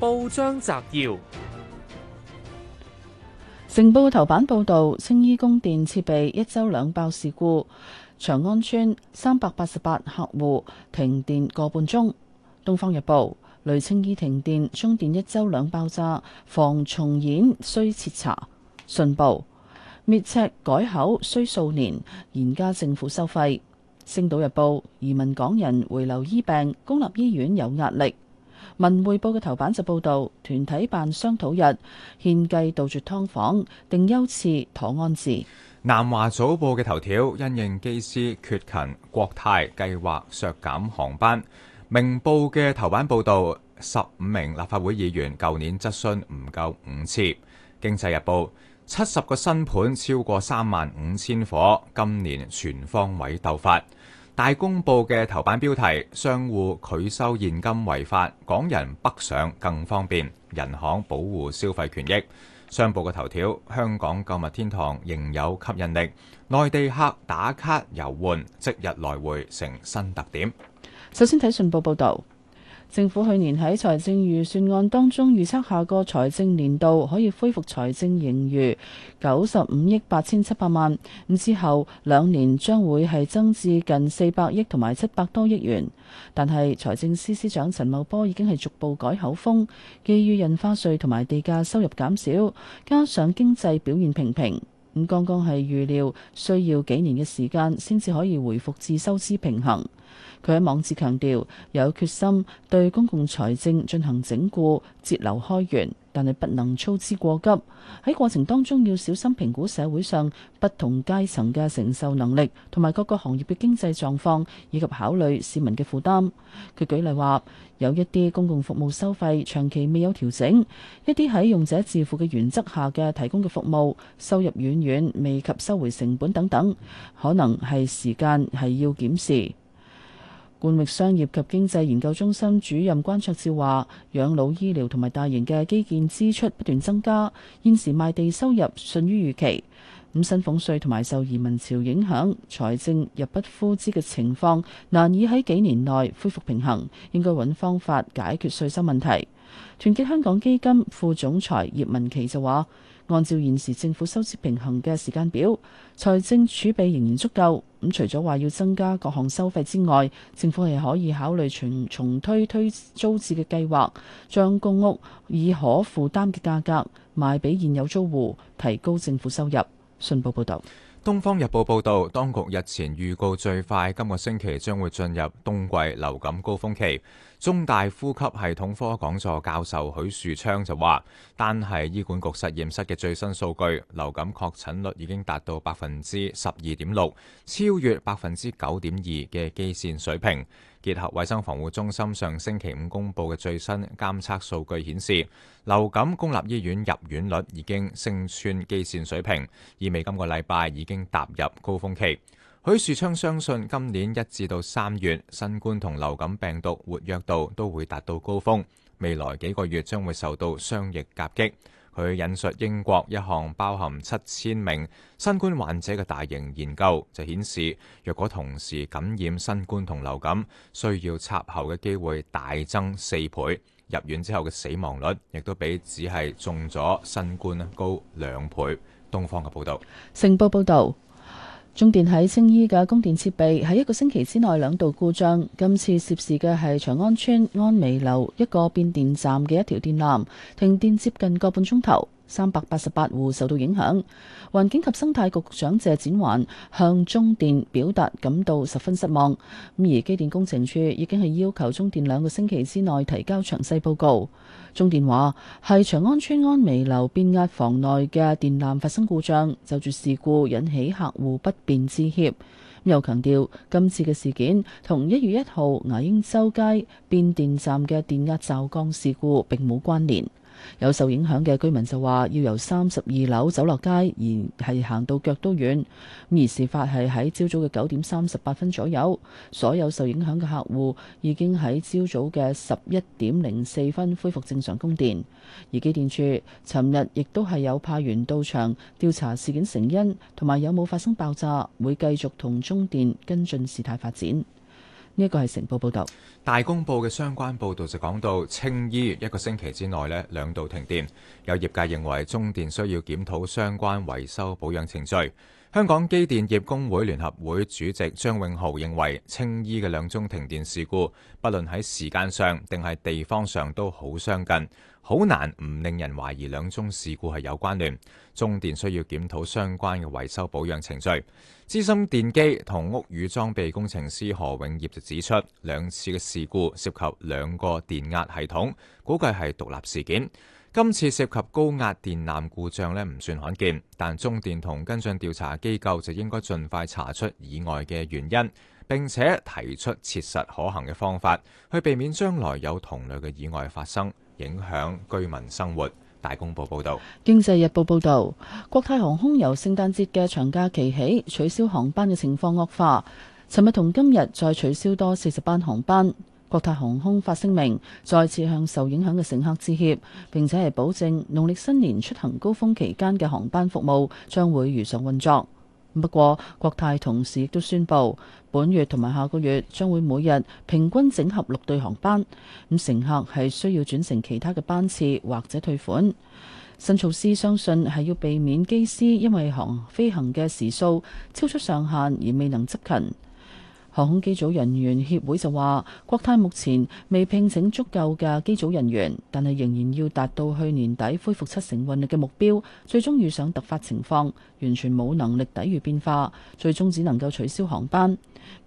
報章摘要：成報頭版報道，青衣供電設備一周兩爆事故，長安村三百八十八客戶停電個半鐘。東方日報：雷青衣停電，中電一周兩爆炸，防重演需徹查。信報：滅赤改口需數年，嚴加政府收費。星島日報：移民港人回流醫病，公立醫院有壓力。文匯報嘅頭版就報道團體辦商討日獻計杜絕劏房，定優次妥安置。南華早報嘅頭條，因應機師缺勤，國泰計劃削減航班。明報嘅頭版報道十五名立法會議員舊年質詢唔夠五次。經濟日報，七十個新盤超過三萬五千伙，今年全方位鬥法。大公報嘅頭版標題：商戶拒收現金違法，港人北上更方便，人行保護消費權益。商報嘅頭條：香港購物天堂仍有吸引力，內地客打卡遊玩即日來回成新特點。首先睇信報報導。政府去年喺財政預算案當中預測下個財政年度可以恢復財政盈餘九十五億八千七百萬，咁之後兩年將會係增至近四百億同埋七百多億元。但係財政司司長陳茂波已經係逐步改口風，基於印花稅同埋地價收入減少，加上經濟表現平平。剛剛係預料需要幾年嘅時間先至可以回復至收支平衡。佢喺網誌強調，有決心對公共財政進行整固、節流、開源。但係不能操之過急，喺過程當中要小心評估社會上不同階層嘅承受能力，同埋各個行業嘅經濟狀況，以及考慮市民嘅負擔。佢舉例話，有一啲公共服務收費長期未有調整，一啲喺用者自負嘅原則下嘅提供嘅服務，收入遠遠未及收回成本等等，可能係時間係要檢視。冠域商業及經濟研究中心主任關卓照話，養老醫療同埋大型嘅基建支出不斷增加，現時賣地收入遜於預期，咁薪俸稅同埋受移民潮影響，財政入不敷支嘅情況，難以喺幾年內恢復平衡，應該揾方法解決稅收問題。團結香港基金副總裁葉文琪就話，按照現時政府收支平衡嘅時間表，財政儲備仍然足夠。咁除咗話要增加各項收費之外，政府係可以考慮重重推推租置嘅計劃，將公屋以可負擔嘅價格賣俾現有租戶，提高政府收入。信報報道。《東方日報》報導，當局日前預告最快今個星期將會進入冬季流感高峰期。中大呼吸系統科講座教授許樹昌就話，單係醫管局實驗室嘅最新數據，流感確診率已經達到百分之十二點六，超越百分之九點二嘅基線水平。結合衛生防護中心上星期五公布嘅最新監測數據顯示，流感公立醫院入院率已經升穿基線水平，意味今個禮拜已經踏入高峰期。許樹昌相信今年一至到三月，新冠同流感病毒活躍度都會達到高峰，未來幾個月將會受到雙疫夾擊。佢引述英國一項包含七千名新冠患者嘅大型研究，就顯示若果同時感染新冠同流感，需要插喉嘅機會大增四倍，入院之後嘅死亡率亦都比只係中咗新冠高兩倍。東方嘅報導，成報報導。中電喺青衣嘅供電設備喺一個星期之內兩度故障，今次涉事嘅係長安村安美樓一個變電站嘅一條電纜，停電接近個半鐘頭。三百八十八戶受到影響，環境及生態局長謝展寰向中電表達感到十分失望。咁而機電工程處已經係要求中電兩個星期之內提交詳細報告。中電話係長安村安微樓變壓房內嘅電纜發生故障，就住事故引起客戶不便致歉。又強調今次嘅事件同一月一號牙英洲街變電站嘅電壓驟降事故並冇關聯。有受影響嘅居民就話要由三十二樓走落街，而係行到腳都軟。而事發係喺朝早嘅九點三十八分左右，所有受影響嘅客戶已經喺朝早嘅十一點零四分恢復正常供電。而機電處尋日亦都係有派員到場調查事件成因，同埋有冇發生爆炸，會繼續同中電跟進事態發展。呢一個係成報報道，大公報嘅相關報道就講到，青衣一個星期之內咧兩度停電，有業界認為中電需要檢討相關維修保養程序。香港機電業工會聯合會主席張永豪認為，青衣嘅兩宗停電事故，不論喺時間上定係地方上都好相近。好難唔令人懷疑兩宗事故係有關聯。中電需要檢討相關嘅維修保養程序。資深電機同屋宇裝備工程師何永業就指出，兩次嘅事故涉及兩個電壓系統，估計係獨立事件。今次涉及高壓電纜故障呢，唔算罕見，但中電同跟進調查機構就應該盡快查出意外嘅原因，並且提出切實可行嘅方法，去避免將來有同類嘅意外發生。影響居民生活。大公報報導，《經濟日報》報導，國泰航空由聖誕節嘅長假期起取消航班嘅情況惡化，尋日同今日再取消多四十班航班。國泰航空發聲明，再次向受影響嘅乘客致歉，並且係保證農曆新年出行高峰期間嘅航班服務將會如常運作。不過國泰同時亦都宣布，本月同埋下個月將會每日平均整合六對航班，咁乘客係需要轉乘其他嘅班次或者退款。新措施相信係要避免機師因為航飛行嘅時數超出上限而未能執勤。航空機組人員協會就話：國泰目前未聘請足夠嘅機組人員，但係仍然要達到去年底恢復七成運力嘅目標。最終遇上突發情況，完全冇能力抵禦變化，最終只能夠取消航班。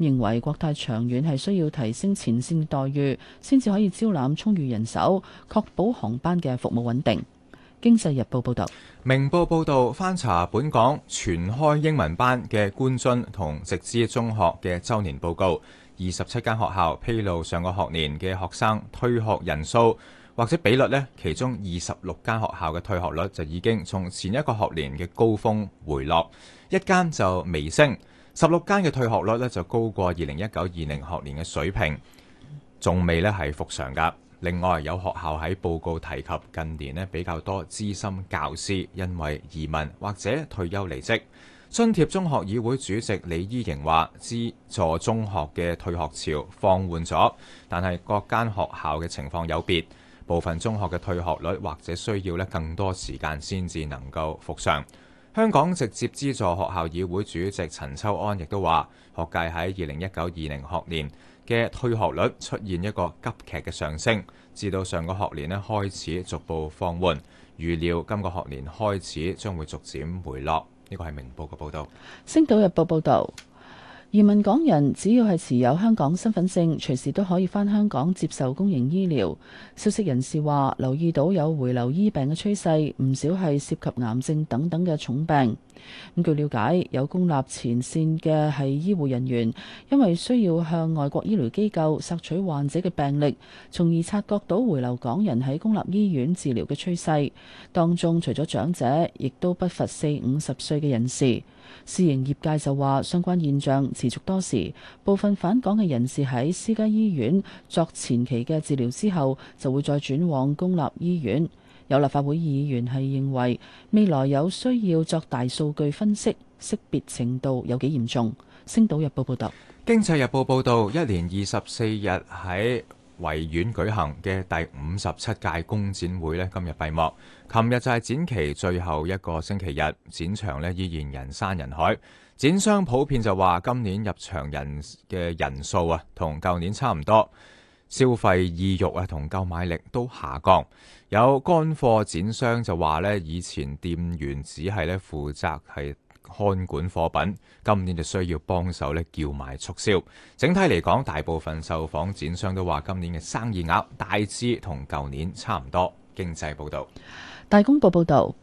認為國泰長遠係需要提升前線待遇，先至可以招攬充裕人手，確保航班嘅服務穩定。經濟日報報道，明報報道，翻查本港全開英文班嘅官津同直資中學嘅周年報告，二十七間學校披露上個學年嘅學生退學人數或者比率呢，其中二十六間學校嘅退學率就已經從前一個學年嘅高峰回落，一間就微升，十六間嘅退學率呢就高過二零一九二零學年嘅水平，仲未呢係復常㗎。另外，有學校喺報告提及近年咧比較多資深教師因為移民或者退休離職。津貼中學議會主席李依瑩話，資助中學嘅退學潮放緩咗，但係各間學校嘅情況有別，部分中學嘅退學率或者需要咧更多時間先至能夠復常。香港直接資助學校議會主席陳秋安亦都話，學界喺二零一九、二零學年嘅退學率出現一個急劇嘅上升，至到上個學年呢開始逐步放緩，預料今個學年開始將會逐漸回落。呢個係明報嘅報道。星島日報報道，移民港人只要係持有香港身份證，隨時都可以翻香港接受公營醫療，消息人士話留意到有回流醫病嘅趨勢，唔少係涉及癌症等等嘅重病。咁據了解，有公立前線嘅係醫護人員，因為需要向外國醫療機構索取患者嘅病歷，從而察覺到回流港人喺公立醫院治療嘅趨勢。當中除咗長者，亦都不乏四五十歲嘅人士。私營業界就話，相關現象持續多時，部分返港嘅人士喺私家醫院作前期嘅治療之後，就會再轉往公立醫院。有立法會議員係認為未來有需要作大數據分析，識別程度有幾嚴重。星島日報報道：經濟日報報道，一年二十四日喺維園舉行嘅第五十七屆工展會咧，今日閉幕。琴日就係展期最後一個星期日，展場咧依然人山人海，展商普遍就話今年入場人嘅人數啊，同舊年差唔多。消費意欲啊同購買力都下降，有乾貨展商就話咧，以前店員只係咧負責係看管貨品，今年就需要幫手咧叫賣促銷。整體嚟講，大部分受訪展商都話今年嘅生意額大致同舊年差唔多。經濟報導，大公報報導，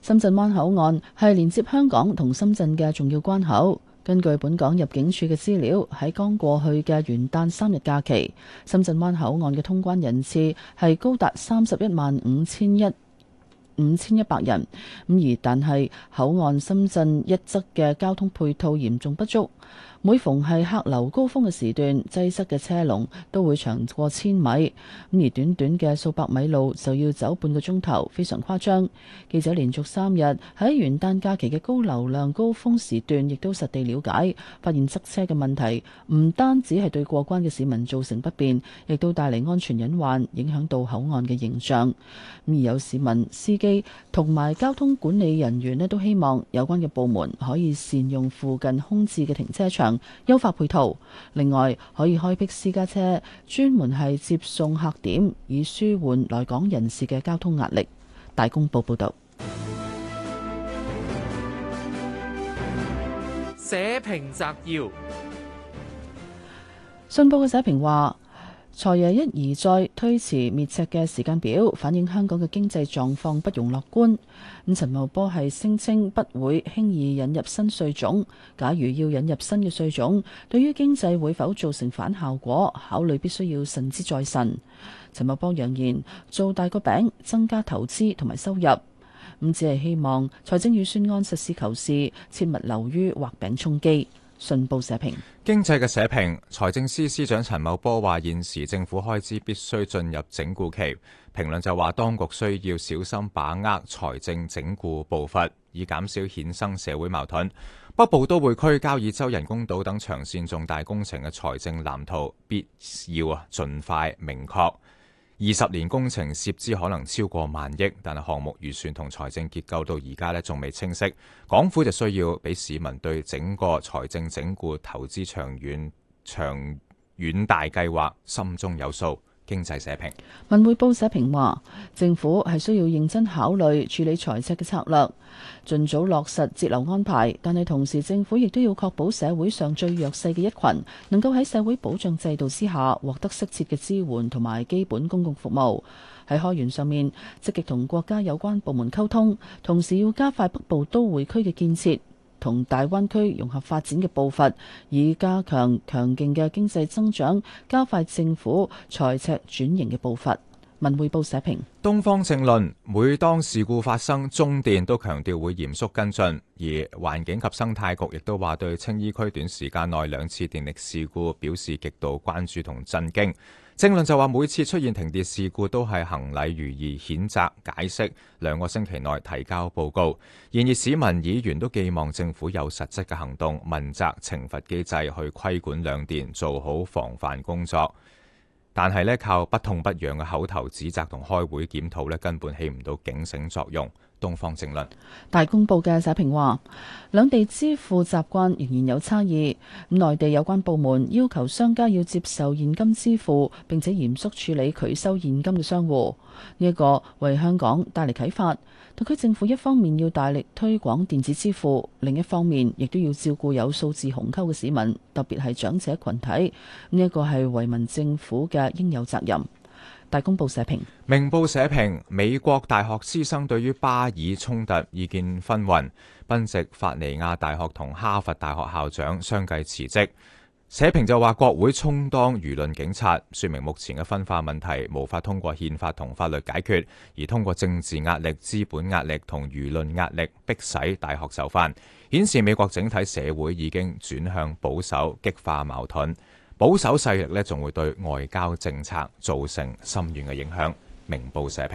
深圳灣口岸係連接香港同深圳嘅重要關口。根據本港入境處嘅資料，喺剛過去嘅元旦三日假期，深圳灣口岸嘅通關人次係高達三十一萬五千一五千一百人，咁而但係口岸深圳一側嘅交通配套嚴重不足。每逢係客流高峰嘅時段，擠塞嘅車龍都會長過千米，咁而短短嘅數百米路就要走半個鐘頭，非常誇張。記者連續三日喺元旦假期嘅高流量高峰時段，亦都實地了解，發現塞車嘅問題唔單止係對過關嘅市民造成不便，亦都帶嚟安全隱患，影響到口岸嘅形象。而有市民、司機同埋交通管理人員呢都希望有關嘅部門可以善用附近空置嘅停。車場優化配套，另外可以開闢私家車專門係接送客點，以舒緩來港人士嘅交通壓力。大公報報道。社評摘要：信報嘅社評話。財爺一而再推遲滅赤嘅時間表，反映香港嘅經濟狀況不容樂觀。咁陳茂波係聲稱不會輕易引入新稅種，假如要引入新嘅稅種，對於經濟會否造成反效果，考慮必須要慎之再慎。陳茂波揚言做大個餅，增加投資同埋收入。咁只係希望財政預算案實事求是，切勿流於畫餅充飢。信報社評經濟嘅社評，財政司司長陳茂波話：現時政府開支必須進入整固期。評論就話，當局需要小心把握財政整固步伐，以減少衍生社會矛盾。北部都會區、交椅洲人工島等長線重大工程嘅財政藍圖，必要啊，盡快明確。二十年工程涉資可能超過萬億，但係項目預算同財政結構到而家呢仲未清晰，港府就需要俾市民對整個財政整固、投資長遠長遠大計劃心中有數。經濟社評文匯報社評話，政府係需要認真考慮處理財政嘅策略，盡早落實節流安排。但係同時，政府亦都要確保社會上最弱勢嘅一群，能夠喺社會保障制度之下獲得適切嘅支援同埋基本公共服務。喺開源上面，積極同國家有關部門溝通，同時要加快北部都會區嘅建設，同大灣區融合發展嘅步伐，以加強強勁嘅經濟增長，加快政府財赤轉型嘅步伐。文匯報社評：東方正論，每當事故發生，中電都強調會嚴肅跟進，而環境及生態局亦都話對青衣區短時間內兩次電力事故表示極度關注同震驚。政論就話，每次出現停電事故都係行禮如儀、譴責、解釋，兩個星期內提交報告。然而市民、議員都寄望政府有實質嘅行動、問責、懲罰機制去規管兩電，做好防範工作。但係呢，靠不痛不癢嘅口頭指責同開會檢討咧，根本起唔到警醒作用。東方正論大公報嘅社評話，兩地支付習慣仍然有差異。咁內地有關部門要求商家要接受現金支付，並且嚴肅處理拒收現金嘅商戶。呢、這、一個為香港帶嚟啟發。特區政府一方面要大力推廣電子支付，另一方面亦都要照顧有數字鴻溝嘅市民，特別係長者群體。呢、這、一個係為民政府嘅應有責任。大公報社評，明報社評，美國大學師生對於巴以衝突意見紛紜，賓夕法尼亞大學同哈佛大學校長相繼辭職。社評就話：國會充當輿論警察，說明目前嘅分化問題無法通過憲法同法律解決，而通過政治壓力、資本壓力同輿論壓力迫使大學就範。顯示美國整體社會已經轉向保守，激化矛盾。保守勢力呢，仲會對外交政策造成深遠嘅影響，明報社評。